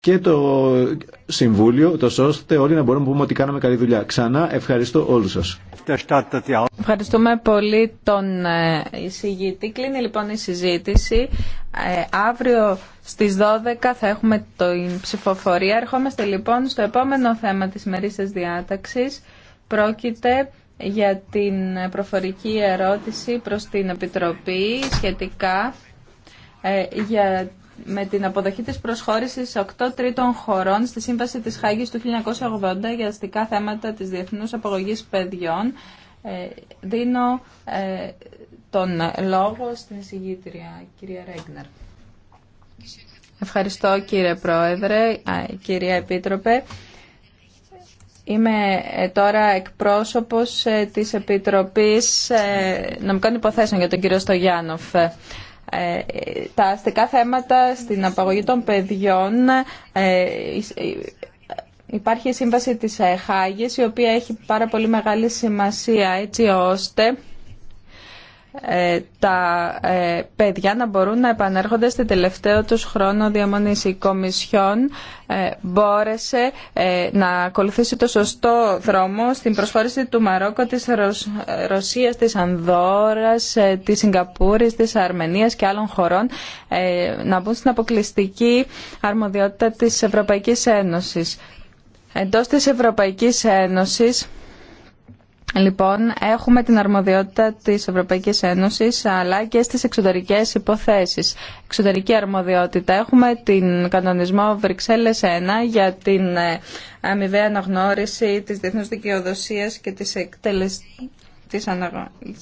και το Συμβούλιο, το ώστε όλοι να μπορούμε να πούμε ότι κάναμε καλή δουλειά. Ξανά ευχαριστώ όλους σας. Ευχαριστούμε πολύ τον ε, εισηγητή. Κλείνει λοιπόν η συζήτηση. Ε, αύριο στις 12 θα έχουμε την ψηφοφορία. Ερχόμαστε λοιπόν στο επόμενο θέμα της μερίσης διάταξης. Πρόκειται για την προφορική ερώτηση προς την Επιτροπή σχετικά ε, για με την αποδοχή της προσχώρησης 8 τρίτων χωρών στη Σύμβαση της Χάγης του 1980 για αστικά θέματα της διεθνούς απογωγής παιδιών. Ε, δίνω ε, τον λόγο στην εισηγήτρια, κυρία Ρέγνερ. Ευχαριστώ κύριε Πρόεδρε, κυρία Επίτροπε. Είμαι ε, τώρα εκπρόσωπος της Επιτροπής Νομικών Υποθέσεων για τον κύριο Στογιάννοφ. Ε, τα αστικά θέματα στην απαγωγή των παιδιών ε, ε, υπάρχει η σύμβαση της Χάγης η οποία έχει πάρα πολύ μεγάλη σημασία έτσι ώστε ε, τα ε, παιδιά να μπορούν να επανέρχονται στο τελευταίο τους χρόνο διαμονής. Η Κομισιόν ε, μπόρεσε να ακολουθήσει το σωστό δρόμο στην προσφόρηση του Μαρόκο, της Ρωσίας, της Ανδόρας, της Σιγκαπούρης, της Αρμενίας και άλλων χωρών να μπουν στην αποκλειστική αρμοδιότητα της Ευρωπαϊκής Ένωσης. Εντός της Ευρωπαϊκής Ένωσης Λοιπόν, έχουμε την αρμοδιότητα της Ευρωπαϊκής Ένωσης αλλά και στις εξωτερικές υποθέσεις. Εξωτερική αρμοδιότητα. Έχουμε την κανονισμό Βρυξέλλες 1 για την ε, αμοιβαία αναγνώριση της διεθνούς δικαιοδοσίας και της εκτέλεσης της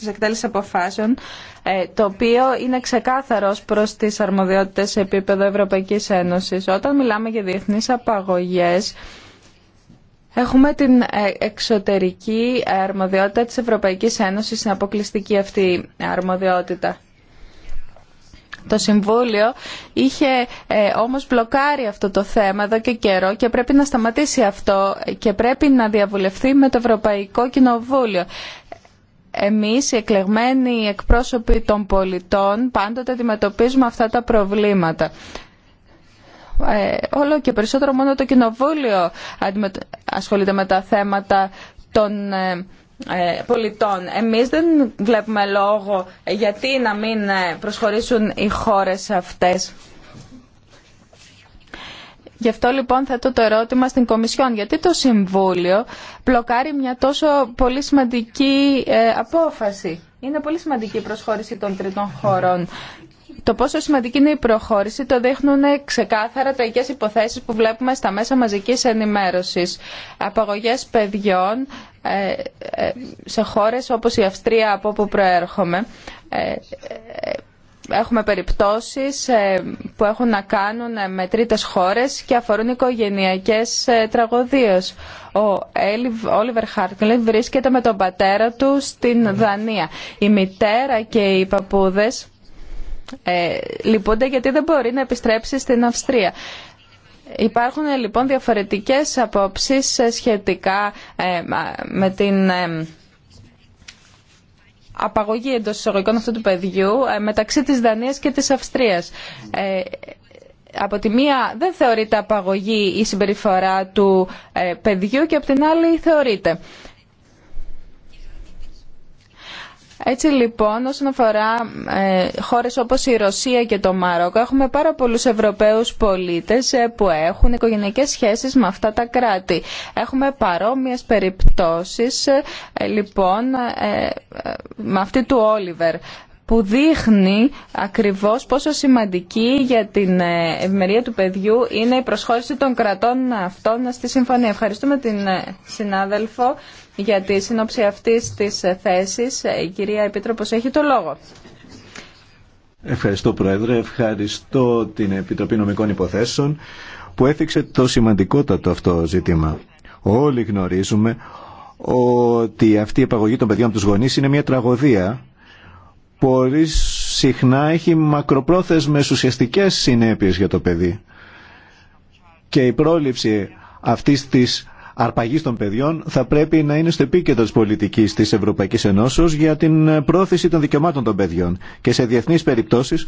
εκτέλεσης αποφάσεων, ε, το οποίο είναι ξεκάθαρο προς τις αρμοδιότητες σε επίπεδο Ευρωπαϊκής Ένωσης. Όταν μιλάμε για διεθνείς απαγωγές, Έχουμε την ε, εξωτερική αρμοδιότητα της Ευρωπαϊκής Ένωσης, την αποκλειστική αυτή αρμοδιότητα. Το Συμβούλιο είχε ε, όμως μπλοκάρει αυτό το θέμα εδώ και καιρό και πρέπει να σταματήσει αυτό και πρέπει να διαβουλευτεί με το Ευρωπαϊκό Κοινοβούλιο. Εμείς, οι εκλεγμένοι εκπρόσωποι των πολιτών, πάντοτε αντιμετωπίζουμε αυτά τα προβλήματα. Ε, όλο και περισσότερο μόνο το κοινοβούλιο ασχολείται με τα θέματα των ε, ε, πολιτών. Εμείς δεν βλέπουμε λόγο γιατί να μην προσχωρήσουν οι χώρες αυτές. Γι' αυτό λοιπόν θέτω το ερώτημα στην Κομισιόν. Γιατί το Συμβούλιο πλοκάρει μια τόσο πολύ σημαντική απόφαση. Είναι πολύ σημαντική η προσχώρηση των τριτών χωρών το πόσο σημαντική είναι η προχώρηση το δείχνουν ξεκάθαρα τραγικέ υποθέσεις που βλέπουμε στα μέσα μαζικής ενημέρωσης. Απαγωγές παιδιών ε, ε, σε χώρες όπως η Αυστρία από όπου προέρχομαι. Ε, έχουμε περιπτώσεις που έχουν να κάνουν με τρίτες χώρες και αφορούν οικογενειακές τραγωδίες. Ο Όλιβερ Χάρτλιν βρίσκεται με τον πατέρα του στην Δανία. Η μητέρα και οι παππούδες ε, λυπούνται γιατί δεν μπορεί να επιστρέψει στην Αυστρία. Υπάρχουν λοιπόν διαφορετικές απόψεις σχετικά ε, με την ε, απαγωγή εντό εισαγωγικών αυτού του παιδιού ε, μεταξύ της Δανίας και της Αυστρίας. Από τη μία δεν θεωρείται απαγωγή η συμπεριφορά του παιδιού και από την άλλη θεωρείται. Έτσι λοιπόν, όσον αφορά ε, χώρες όπως η Ρωσία και το Μαρόκο, έχουμε πάρα πολλούς Ευρωπαίους πολίτες ε, που έχουν οικογενειακές σχέσεις με αυτά τα κράτη. Έχουμε παρόμοιες περιπτώσεις, ε, λοιπόν, με αυτή του Όλιβερ που δείχνει ακριβώς πόσο σημαντική για την ευημερία του παιδιού είναι η προσχώρηση των κρατών αυτών στη Συμφωνία. Ευχαριστούμε την συνάδελφο για τη σύνοψη αυτής της θέσης. Ε, η κυρία Επίτροπος έχει το λόγο. Ευχαριστώ Πρόεδρε, ευχαριστώ την Επιτροπή Νομικών Υποθέσεων που έφυξε το σημαντικότατο αυτό ζήτημα. Όλοι γνωρίζουμε ότι αυτή η επαγωγή των παιδιών από τους γονείς είναι μια τραγωδία. Πολύ συχνά έχει μακροπρόθεσμες ουσιαστικές συνέπειες για το παιδί. Και η πρόληψη αυτής της αρπαγής των παιδιών θα πρέπει να είναι στο επίκεντρο της πολιτικής της Ευρωπαϊκής Ενώσεως για την πρόθεση των δικαιωμάτων των παιδιών. Και σε διεθνείς περιπτώσεις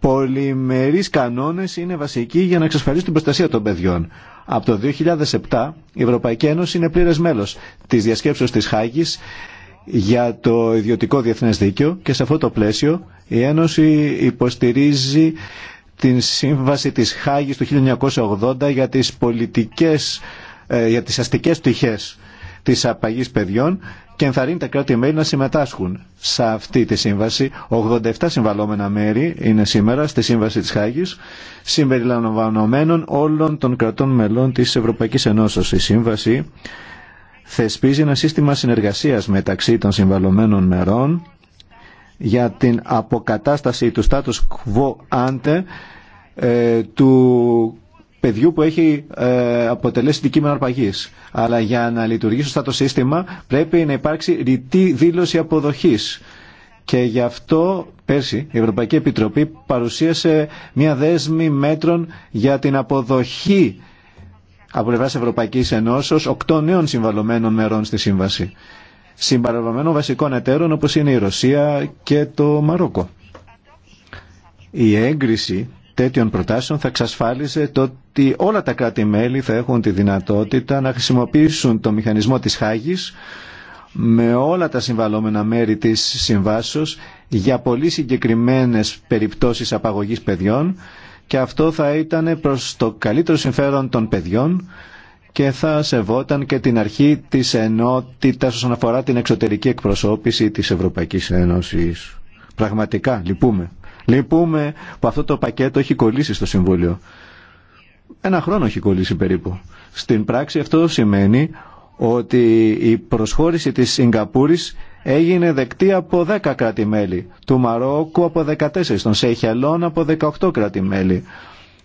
πολυμερείς κανόνες είναι βασικοί για να εξασφαλίσουν την προστασία των παιδιών. Από το 2007 η Ευρωπαϊκή Ένωση είναι πλήρες μέλος της διασκέψεως της Χάγης για το ιδιωτικό διεθνές δίκαιο και σε αυτό το πλαίσιο η Ένωση υποστηρίζει την σύμβαση της Χάγης του 1980 για τις πολιτικές ε, για τις αστικές τυχές της απαγής παιδιών και ενθαρρύνει τα κράτη-μέλη να συμμετάσχουν σε αυτή τη σύμβαση. 87 συμβαλόμενα μέρη είναι σήμερα στη Σύμβαση της Χάγης, συμπεριλαμβανομένων όλων των κρατών μελών της Ευρωπαϊκής Ενώσεως. Η Σύμβαση θεσπίζει ένα σύστημα συνεργασίας μεταξύ των συμβαλωμένων μερών για την αποκατάσταση του status quo ante ε, του παιδιού που έχει ε, αποτελέσει δικείμενο αρπαγή. Αλλά για να λειτουργήσει σωστά το σύστημα πρέπει να υπάρξει ρητή δήλωση αποδοχή. Και γι' αυτό πέρσι η Ευρωπαϊκή Επιτροπή παρουσίασε μια δέσμη μέτρων για την αποδοχή από πλευρά Ευρωπαϊκή Ενώσεω οκτώ νέων συμβαλωμένων μερών στη σύμβαση. Συμπαραβαμένων βασικών εταίρων όπω είναι η Ρωσία και το Μαρόκο. Η έγκριση τέτοιων προτάσεων θα εξασφάλιζε το ότι όλα τα κράτη-μέλη θα έχουν τη δυνατότητα να χρησιμοποιήσουν το μηχανισμό της Χάγης με όλα τα συμβαλόμενα μέρη της συμβάσεως για πολύ συγκεκριμένες περιπτώσεις απαγωγής παιδιών και αυτό θα ήταν προς το καλύτερο συμφέρον των παιδιών και θα σεβόταν και την αρχή της ενότητας όσον αφορά την εξωτερική εκπροσώπηση της Ευρωπαϊκής Ένωσης. Πραγματικά, λυπούμε. Λυπούμε που αυτό το πακέτο έχει κολλήσει στο Συμβούλιο. Ένα χρόνο έχει κολλήσει περίπου. Στην πράξη αυτό σημαίνει ότι η προσχώρηση της Σιγκαπούρης έγινε δεκτή από 10 κράτη-μέλη, του Μαρόκου από 14, των Σεϊχελών από 18 κράτη-μέλη.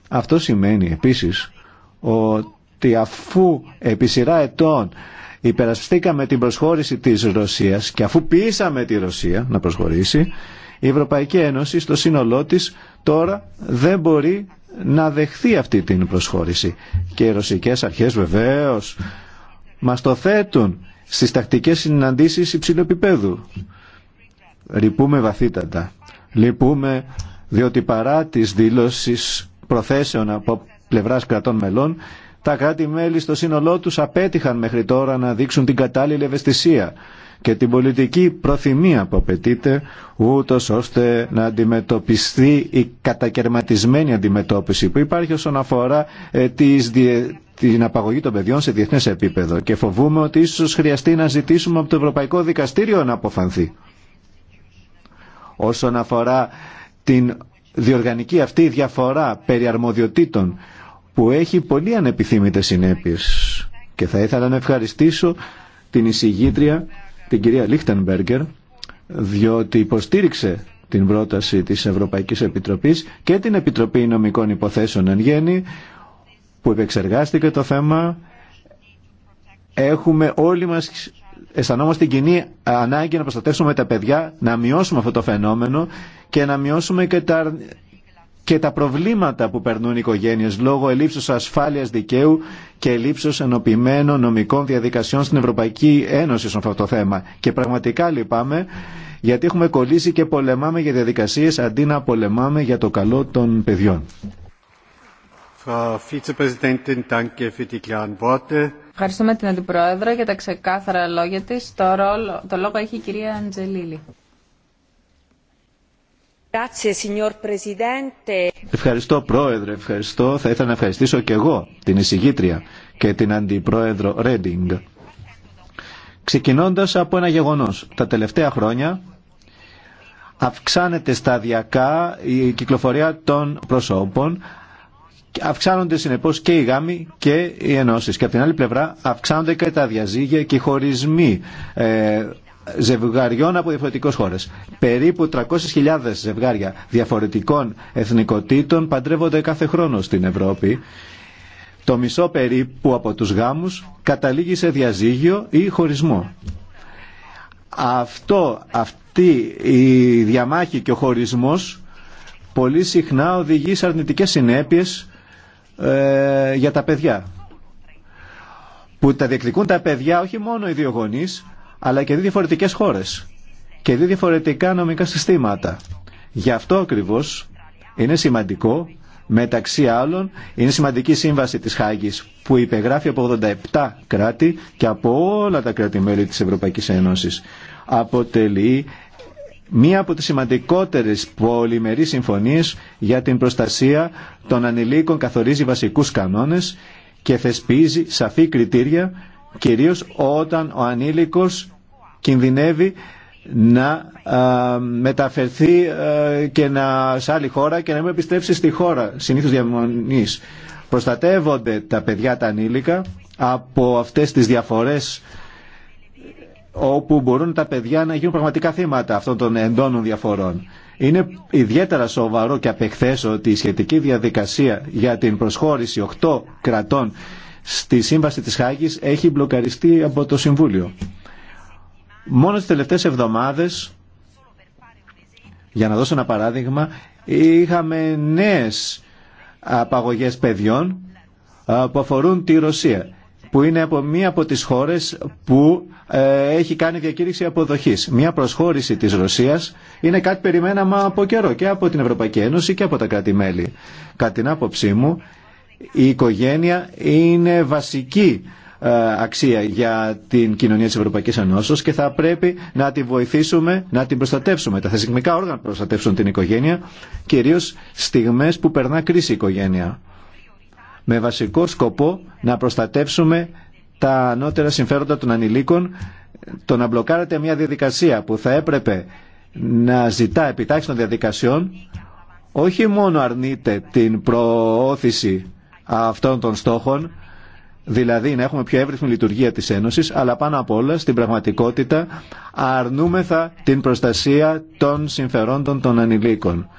Αυτό σημαίνει επίσης ότι αφού επί σειρά ετών υπερασπιστήκαμε την προσχώρηση της Ρωσίας και αφού πείσαμε τη Ρωσία να προσχωρήσει, η Ευρωπαϊκή Ένωση στο σύνολό της τώρα δεν μπορεί να δεχθεί αυτή την προσχώρηση. Και οι ρωσικές αρχές βεβαίως μας το θέτουν στις τακτικές συναντήσεις υψηλού επίπεδου. Λυπούμε βαθύτατα. Λυπούμε διότι παρά τις δηλώσεις προθέσεων από πλευράς κρατών μελών, τα κράτη-μέλη στο σύνολό τους απέτυχαν μέχρι τώρα να δείξουν την κατάλληλη ευαισθησία και την πολιτική προθυμία που απαιτείται ούτω ώστε να αντιμετωπιστεί η κατακαιρματισμένη αντιμετώπιση που υπάρχει όσον αφορά ε, τις την απαγωγή των παιδιών σε διεθνές επίπεδο και φοβούμε ότι ίσως χρειαστεί να ζητήσουμε από το Ευρωπαϊκό Δικαστήριο να αποφανθεί όσον αφορά την διοργανική αυτή διαφορά περί αρμοδιοτήτων που έχει πολύ ανεπιθύμητες συνέπειες και θα ήθελα να ευχαριστήσω την εισηγήτρια την κυρία Λίχτενμπέργκερ διότι υποστήριξε την πρόταση της Ευρωπαϊκής Επιτροπής και την Επιτροπή Νομικών Υποθέσεων εν γέννη που επεξεργάστηκε το θέμα. Έχουμε όλοι μας αισθανόμαστε την κοινή ανάγκη να προστατεύσουμε τα παιδιά, να μειώσουμε αυτό το φαινόμενο και να μειώσουμε και τα και τα προβλήματα που περνούν οι οικογένειες λόγω ελλείψους ασφάλειας δικαίου και ελλείψεως ενωπημένων νομικών διαδικασιών στην Ευρωπαϊκή Ένωση σε αυτό το θέμα. Και πραγματικά λυπάμαι γιατί έχουμε κολλήσει και πολεμάμε για διαδικασίες αντί να πολεμάμε για το καλό των παιδιών. Ευχαριστούμε την Αντιπρόεδρο για τα ξεκάθαρα λόγια της. Το, το λόγο έχει η κυρία Αντζελίλη. Ευχαριστώ Πρόεδρε, ευχαριστώ. Θα ήθελα να ευχαριστήσω και εγώ την εισηγήτρια και την Αντιπρόεδρο Ρέντινγκ. Ξεκινώντας από ένα γεγονός. Τα τελευταία χρόνια αυξάνεται σταδιακά η κυκλοφορία των προσώπων αυξάνονται συνεπώς και οι γάμοι και οι ενώσεις και από την άλλη πλευρά αυξάνονται και τα διαζύγια και οι χωρισμοί ε, ζευγαριών από διαφορετικέ χώρε. Περίπου 300.000 ζευγάρια διαφορετικών εθνικοτήτων παντρεύονται κάθε χρόνο στην Ευρώπη. Το μισό περίπου από τους γάμους καταλήγει σε διαζύγιο ή χωρισμό. Αυτό, αυτή η διαμάχη και ο χωρισμός πολύ συχνά οδηγεί σε αρνητικές συνέπειες ε, για τα παιδιά. Που τα διεκδικούν τα παιδιά όχι μόνο οι δύο γονείς, αλλά και δύο διαφορετικές χώρες και δύο διαφορετικά νομικά συστήματα. Γι' αυτό ακριβώς είναι σημαντικό, μεταξύ άλλων, είναι σημαντική σύμβαση της Χάγης που υπεγράφει από 87 κράτη και από όλα τα κράτη-μέλη της Ευρωπαϊκής Ένωσης. Αποτελεί μία από τις σημαντικότερες πολυμερείς συμφωνίες για την προστασία των ανηλίκων καθορίζει βασικούς κανόνες και θεσπίζει σαφή κριτήρια κυρίως όταν ο ανήλικος κινδυνεύει να μεταφερθεί και να, σε άλλη χώρα και να μην επιστρέψει στη χώρα συνήθως διαμονής. Προστατεύονται τα παιδιά τα ανήλικα από αυτές τις διαφορές όπου μπορούν τα παιδιά να γίνουν πραγματικά θύματα αυτών των εντόνων διαφορών. Είναι ιδιαίτερα σοβαρό και απεχθές ότι η σχετική διαδικασία για την προσχώρηση 8 κρατών στη Σύμβαση της Χάγης έχει μπλοκαριστεί από το Συμβούλιο. Μόνο τις τελευταίες εβδομάδες, για να δώσω ένα παράδειγμα, είχαμε νέες απαγωγές παιδιών που αφορούν τη Ρωσία που είναι από μία από τις χώρες που ε, έχει κάνει διακήρυξη αποδοχής. Μία προσχώρηση της Ρωσίας είναι κάτι περιμέναμα από καιρό και από την Ευρωπαϊκή Ένωση και από τα κράτη-μέλη. Κατά την άποψή μου, η οικογένεια είναι βασική ε, αξία για την κοινωνία της Ευρωπαϊκής Ενώσεως και θα πρέπει να τη βοηθήσουμε, να την προστατεύσουμε. Τα θεσμικά όργανα προστατεύσουν την οικογένεια, κυρίως στιγμές που περνά κρίση η οικογένεια. Με βασικό σκοπό να προστατεύσουμε τα ανώτερα συμφέροντα των ανηλίκων, το να μπλοκάρεται μια διαδικασία που θα έπρεπε να ζητά επιτάξει των διαδικασιών, όχι μόνο αρνείται την προώθηση αυτών των στόχων, δηλαδή να έχουμε πιο εύρυθμη λειτουργία της Ένωσης, αλλά πάνω απ' όλα στην πραγματικότητα αρνούμεθα την προστασία των συμφερόντων των ανηλίκων.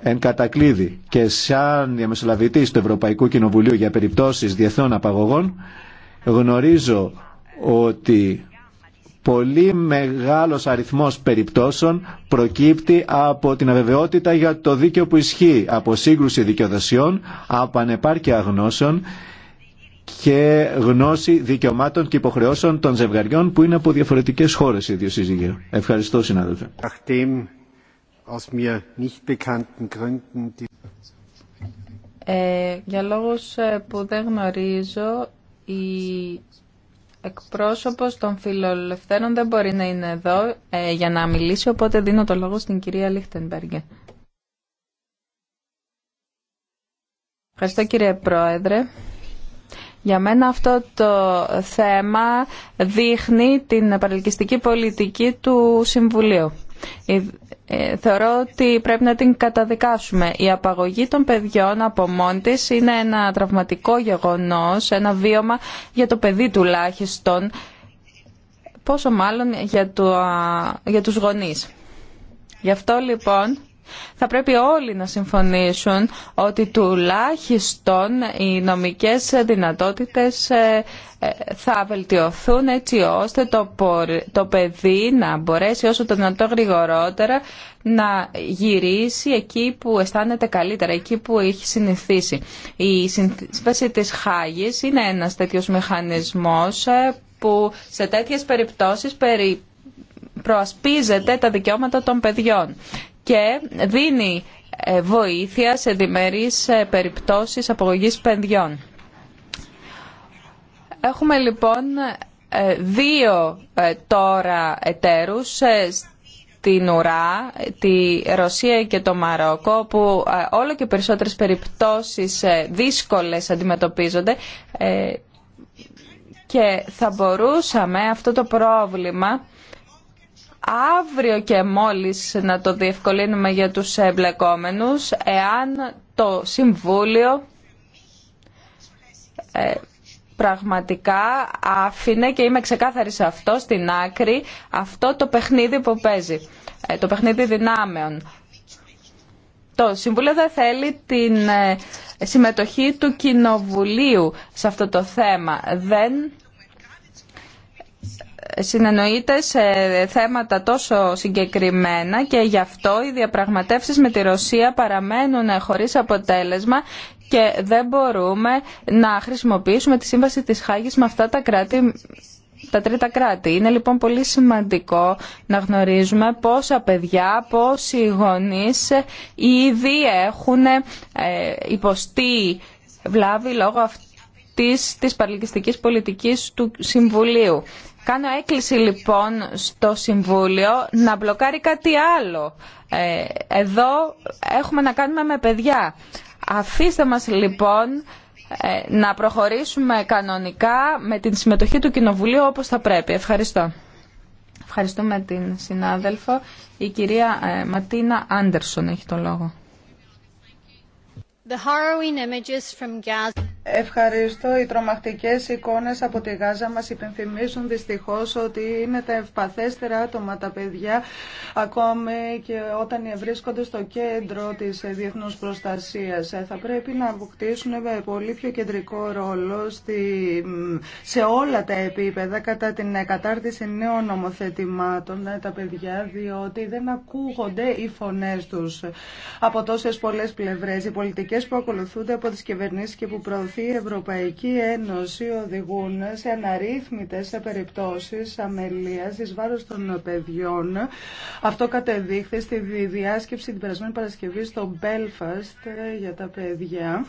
Εν κατακλείδη και σαν διαμεσολαβητής του Ευρωπαϊκού Κοινοβουλίου για περιπτώσεις διεθνών απαγωγών, γνωρίζω ότι πολύ μεγάλος αριθμός περιπτώσεων προκύπτει από την αβεβαιότητα για το δίκαιο που ισχύει, από σύγκρουση δικαιοδοσιών, από ανεπάρκεια γνώσεων και γνώση δικαιωμάτων και υποχρεώσεων των ζευγαριών που είναι από διαφορετικές χώρες οι δύο Ευχαριστώ συνάδελφε. Ε, για λόγους ε, που δεν γνωρίζω, η εκπρόσωπος των φιλολευθέρων δεν μπορεί να είναι εδώ ε, για να μιλήσει, οπότε δίνω το λόγο στην κυρία Λίχτενμπεργκε. Ευχαριστώ κύριε Πρόεδρε. Για μένα αυτό το θέμα δείχνει την παρελκυστική πολιτική του Συμβουλίου. Ε, ε, θεωρώ ότι πρέπει να την καταδικάσουμε. Η απαγωγή των παιδιών από μόνη είναι ένα τραυματικό γεγονός, ένα βίωμα για το παιδί τουλάχιστον, πόσο μάλλον για, το, για τους γονείς. Γι' αυτό λοιπόν θα πρέπει όλοι να συμφωνήσουν ότι τουλάχιστον οι νομικές δυνατότητες ε, ε, θα βελτιωθούν έτσι ώστε το, παιδί να μπορέσει όσο το δυνατό γρηγορότερα να γυρίσει εκεί που αισθάνεται καλύτερα, εκεί που έχει συνηθίσει. Η σύνθεση της Χάγης είναι ένας τέτοιος μηχανισμός ε, που σε τέτοιες περιπτώσεις περι... προασπίζεται τα δικαιώματα των παιδιών και δίνει ε, βοήθεια σε διμερείς ε, περιπτώσεις απογωγής παιδιών. Έχουμε λοιπόν ε, δύο τώρα εταίρους την ουρά, τη Ρωσία και το Μαρόκο, που όλο και περισσότερες περιπτώσεις δύσκολες αντιμετωπίζονται και θα μπορούσαμε αυτό το πρόβλημα αύριο και μόλις να το διευκολύνουμε για τους εμπλεκόμενους εάν το Συμβούλιο ε, πραγματικά άφηνε και είμαι ξεκάθαρη σε αυτό στην άκρη αυτό το παιχνίδι που παίζει, ε, το παιχνίδι δυνάμεων. Το Συμβούλιο δεν θέλει την ε, συμμετοχή του Κοινοβουλίου σε αυτό το θέμα. Δεν συνεννοείται σε θέματα τόσο συγκεκριμένα και γι' αυτό οι διαπραγματεύσεις με τη Ρωσία παραμένουν χωρίς αποτέλεσμα και δεν μπορούμε να χρησιμοποιήσουμε τη σύμβαση της Χάγης με αυτά τα κράτη τα τρίτα κράτη. Είναι λοιπόν πολύ σημαντικό να γνωρίζουμε πόσα παιδιά, πόσοι γονείς ήδη έχουν ε, υποστεί βλάβη λόγω αυτής της παρελκυστικής πολιτικής του Συμβουλίου. Κάνω έκκληση λοιπόν στο Συμβούλιο να μπλοκάρει κάτι άλλο. Ε, εδώ έχουμε να κάνουμε με παιδιά. Αφήστε μας λοιπόν ε, να προχωρήσουμε κανονικά με την συμμετοχή του Κοινοβουλίου όπως θα πρέπει. Ευχαριστώ. Ευχαριστούμε την συνάδελφο. Η κυρία ε, Ματίνα Άντερσον έχει το λόγο. Ευχαριστώ. Οι τρομακτικές εικόνες από τη Γάζα μας υπενθυμίζουν δυστυχώς ότι είναι τα ευπαθέστερα άτομα τα παιδιά ακόμη και όταν βρίσκονται στο κέντρο της διεθνούς προστασίας. Θα πρέπει να αποκτήσουν πολύ πιο κεντρικό ρόλο στη, σε όλα τα επίπεδα κατά την κατάρτιση νέων νομοθετημάτων ε, τα παιδιά διότι δεν ακούγονται οι φωνές τους από τόσες πολλές πλευρές. Οι πολιτικές που ακολουθούνται από τις κυβερνήσεις και που προωθούν η Ευρωπαϊκή Ένωση οδηγούν σε αναρρύθμιτες σε περιπτώσεις αμελίας εις βάρος των παιδιών. Αυτό κατεδείχθη στη διάσκεψη την περασμένη Παρασκευή στο Belfast για τα παιδιά.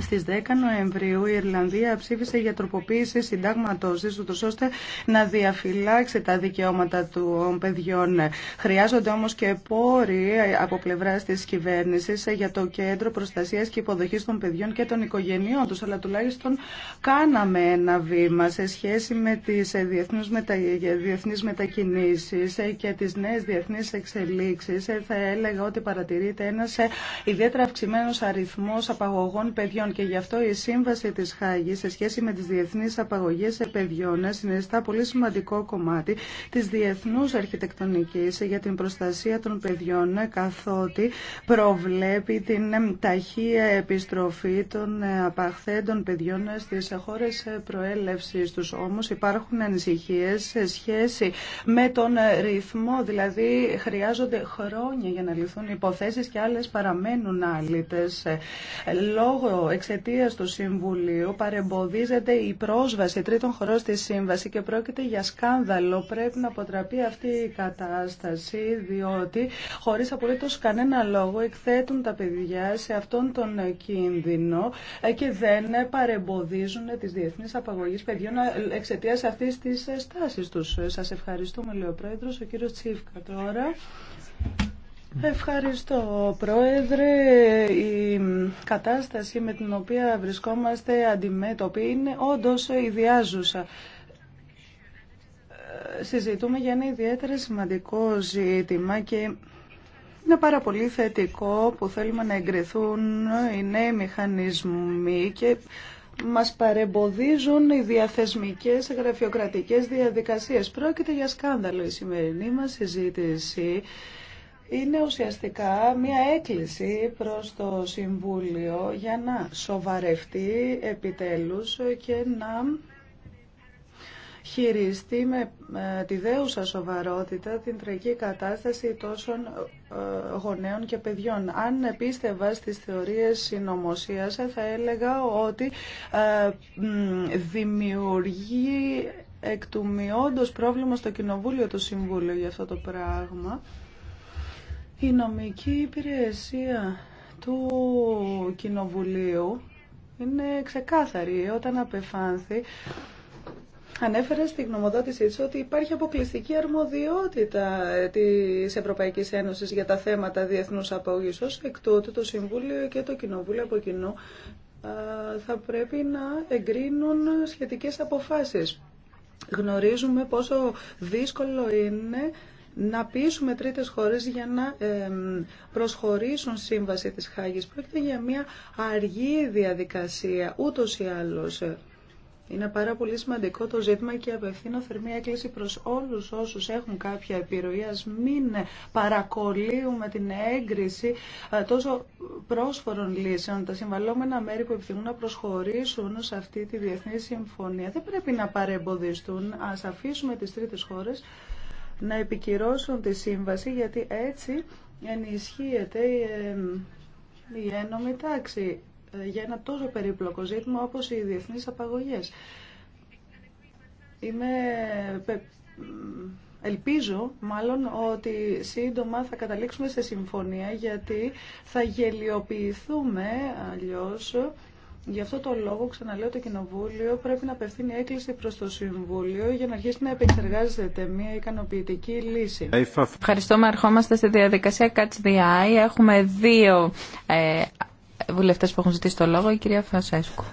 Στι 10 Νοεμβρίου η Ιρλανδία ψήφισε για τροποποίηση συντάγματό τη, ώστε να διαφυλάξει τα δικαιώματα των παιδιών. Χρειάζονται όμω και πόροι από πλευρά τη κυβέρνηση για το Κέντρο προστασία και υποδοχή των Παιδιών και των Οικογενειών του. αλλά τουλάχιστον κάναμε ένα βήμα σε σχέση με τι διεθνεί μετακίνησει και τι νέε διεθνεί εξελίξει. Θα έλεγα ότι παρατηρείται ένα ιδιαίτερα αυξημένο αριθμό απαγωγών παιδιών και γι' αυτό η Σύμβαση της Χάγης σε σχέση με τις διεθνείς απαγωγές σε παιδιών συνιστά πολύ σημαντικό κομμάτι της διεθνούς αρχιτεκτονικής για την προστασία των παιδιών καθότι προβλέπει την ταχεία επιστροφή των ε, απαχθέντων παιδιών στις χώρες ε, προέλευσης τους. Όμως υπάρχουν ανησυχίες σε σχέση με τον ε, ρυθμό, δηλαδή χρειάζονται χρόνια για να λυθούν υποθέσεις και άλλες παραμένουν άλυτες. Λόγω εξαιτία του Συμβουλίου παρεμποδίζεται η πρόσβαση τρίτων χωρών στη Σύμβαση και πρόκειται για σκάνδαλο. Πρέπει να αποτραπεί αυτή η κατάσταση, διότι χωρί απολύτω κανένα λόγο εκθέτουν τα παιδιά σε αυτόν τον κίνδυνο ε, και δεν παρεμποδίζουν τι διεθνεί απαγωγέ παιδιών ε, εξαιτία αυτή τη στάση του. Σα ευχαριστούμε, λέει ο Πρόεδρο, ο κύριο Τσίφκα τώρα. Ευχαριστώ, Πρόεδρε. Η κατάσταση με την οποία βρισκόμαστε αντιμέτωποι είναι όντως ιδιάζουσα. Συζητούμε για ένα ιδιαίτερα σημαντικό ζήτημα και είναι πάρα πολύ θετικό που θέλουμε να εγκριθούν οι νέοι μηχανισμοί και μας παρεμποδίζουν οι διαθεσμικές γραφειοκρατικές διαδικασίες. Πρόκειται για σκάνδαλο η σημερινή μας συζήτηση είναι ουσιαστικά μια έκκληση προς το Συμβούλιο για να σοβαρευτεί επιτέλους και να χειριστεί με ε, τη δέουσα σοβαρότητα την τραγική κατάσταση τόσων ε, γονέων και παιδιών. Αν πίστευα στις θεωρίες συνωμοσία θα έλεγα ότι ε, δημιουργεί εκ του πρόβλημα στο Κοινοβούλιο του Συμβούλιο για αυτό το πράγμα. Η νομική υπηρεσία του Κοινοβουλίου είναι ξεκάθαρη όταν απεφάνθη Ανέφερε στη γνωμοδότησή της ότι υπάρχει αποκλειστική αρμοδιότητα της Ευρωπαϊκής Ένωσης για τα θέματα διεθνούς απόγεισος. Εκ τούτου το Συμβούλιο και το Κοινοβούλιο από κοινού θα πρέπει να εγκρίνουν σχετικές αποφάσεις. Γνωρίζουμε πόσο δύσκολο είναι να πείσουμε τρίτες χώρες για να προσχωρήσουν σύμβαση της Χάγης. Πρόκειται για μια αργή διαδικασία, ούτως ή άλλως. Είναι πάρα πολύ σημαντικό το ζήτημα και απευθύνω θερμή έκκληση προς όλους όσους έχουν κάποια επιρροή. Ας μην παρακολύουμε την έγκριση ε, τόσο πρόσφορων λύσεων. Τα συμβαλόμενα μέρη που επιθυμούν να προσχωρήσουν σε αυτή τη διεθνή συμφωνία δεν πρέπει να παρεμποδιστούν. Ας αφήσουμε τις τρίτες χώρες να επικυρώσουν τη σύμβαση γιατί έτσι ενισχύεται η ένομη τάξη ε, για ένα τόσο περίπλοκο ζήτημα όπως οι διεθνείς απαγωγές. Ελπίζω μάλλον ότι σύντομα θα καταλήξουμε σε συμφωνία γιατί θα γελιοποιηθούμε αλλιώς Γι' αυτό το λόγο, ξαναλέω, το Κοινοβούλιο πρέπει να απευθύνει έκκληση προς το Συμβούλιο για να αρχίσει να επεξεργάζεται μια ικανοποιητική λύση. Ευχαριστώ. Ερχόμαστε στη διαδικασία Catch the Eye. Έχουμε δύο ε, βουλευτές που έχουν ζητήσει το λόγο. Η κυρία Φασέσκου.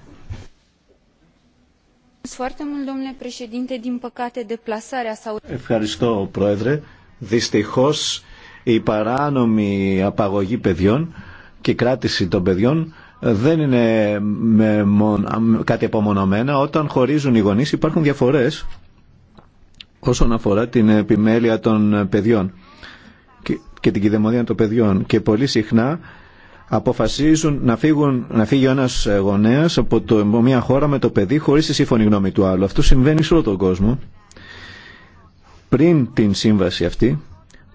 Ευχαριστώ, Πρόεδρε. Δυστυχώς η παράνομη απαγωγή παιδιών και κράτηση των παιδιών δεν είναι με κάτι απομονωμένα. Όταν χωρίζουν οι γονείς υπάρχουν διαφορές όσον αφορά την επιμέλεια των παιδιών και, και την κυδεμονία των παιδιών. Και πολύ συχνά αποφασίζουν να, φύγουν, να φύγει ένα γονέα γονέας από μια χώρα με το παιδί χωρί τη σύμφωνη γνώμη του άλλου. Αυτό συμβαίνει σε όλο τον κόσμο. Πριν την σύμβαση αυτή,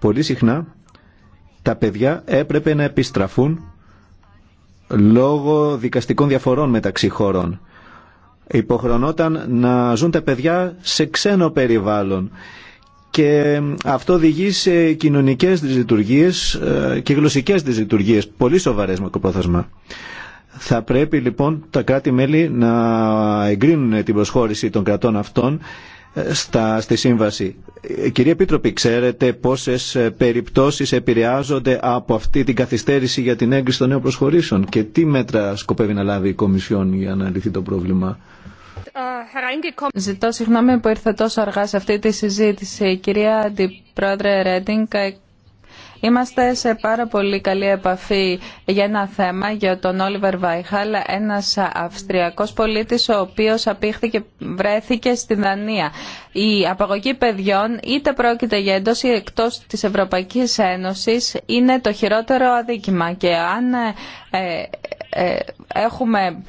πολύ συχνά τα παιδιά έπρεπε να επιστραφούν λόγω δικαστικών διαφορών μεταξύ χωρών. Υποχρονόταν να ζουν τα παιδιά σε ξένο περιβάλλον και αυτό οδηγεί σε κοινωνικές δυσλειτουργίες ε, και γλωσσικές δυσλειτουργίες, πολύ σοβαρές μακροπρόθεσμα. Θα πρέπει λοιπόν τα κράτη-μέλη να εγκρίνουν την προσχώρηση των κρατών αυτών στα, στη σύμβαση. Ε, Κυρία Επίτροπη, ξέρετε πόσες ε, περιπτώσεις επηρεάζονται από αυτή την καθυστέρηση για την έγκριση των νέων προσχωρήσεων και τι μέτρα σκοπεύει να λάβει η Κομισιόν για να λυθεί το πρόβλημα. Ζητώ συγγνώμη που ήρθα τόσο αργά σε αυτή τη συζήτηση. Κυρία Αντιπρόεδρε Ρέντινγκ, Είμαστε σε πάρα πολύ καλή επαφή για ένα θέμα, για τον Όλιβερ Βάιχαλ, ένας Αυστριακός πολίτης ο οποίος απήχθηκε, βρέθηκε στη Δανία. Η απαγωγή παιδιών, είτε πρόκειται για εντός ή εκτός της Ευρωπαϊκής Ένωσης, είναι το χειρότερο αδίκημα και αν ε, ε, ε, έχουμε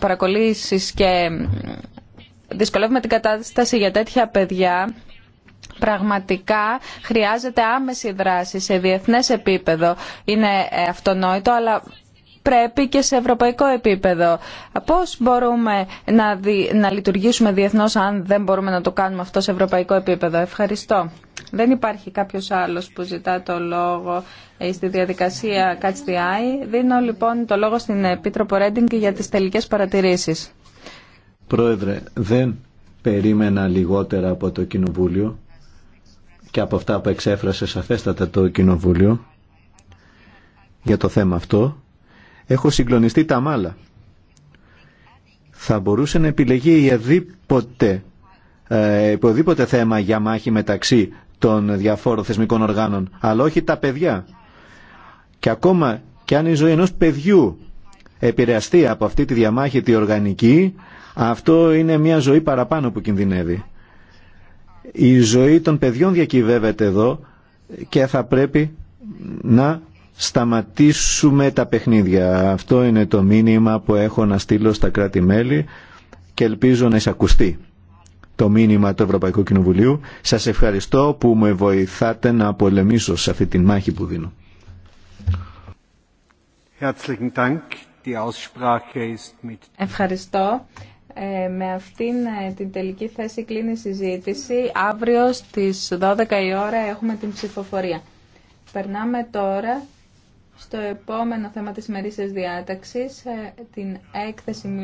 παρακολήσεις και δυσκολεύουμε την κατάσταση για τέτοια παιδιά πραγματικά χρειάζεται άμεση δράση σε διεθνές επίπεδο. Είναι αυτονόητο, αλλά πρέπει και σε ευρωπαϊκό επίπεδο. Πώς μπορούμε να, να λειτουργήσουμε διεθνώς αν δεν μπορούμε να το κάνουμε αυτό σε ευρωπαϊκό επίπεδο. Ευχαριστώ. Δεν υπάρχει κάποιος άλλος που ζητά το λόγο ε, στη διαδικασία Catch the Eye. Δίνω λοιπόν το λόγο στην Επίτροπο Ρέντινγκ για τις τελικές παρατηρήσεις. Πρόεδρε, δεν περίμενα λιγότερα από το Κοινοβούλιο και από αυτά που εξέφρασε σαφέστατα το Κοινοβούλιο για το θέμα αυτό, έχω συγκλονιστεί τα μάλα. Θα μπορούσε να επιλεγεί οδήποτε, ε, θέμα για μάχη μεταξύ των διαφόρων θεσμικών οργάνων, αλλά όχι τα παιδιά. Και ακόμα και αν η ζωή ενός παιδιού επηρεαστεί από αυτή τη διαμάχη τη οργανική, αυτό είναι μια ζωή παραπάνω που κινδυνεύει. Η ζωή των παιδιών διακυβεύεται εδώ και θα πρέπει να σταματήσουμε τα παιχνίδια. Αυτό είναι το μήνυμα που έχω να στείλω στα κράτη-μέλη και ελπίζω να εισακουστεί το μήνυμα του Ευρωπαϊκού Κοινοβουλίου. Σας ευχαριστώ που με βοηθάτε να πολεμήσω σε αυτή τη μάχη που δίνω. Ευχαριστώ. Ε, με αυτήν ε, την τελική θέση κλείνει η συζήτηση. Αύριο στις 12 η ώρα έχουμε την ψηφοφορία. Περνάμε τώρα στο επόμενο θέμα της ημερήσιας διάταξης, ε, την έκθεση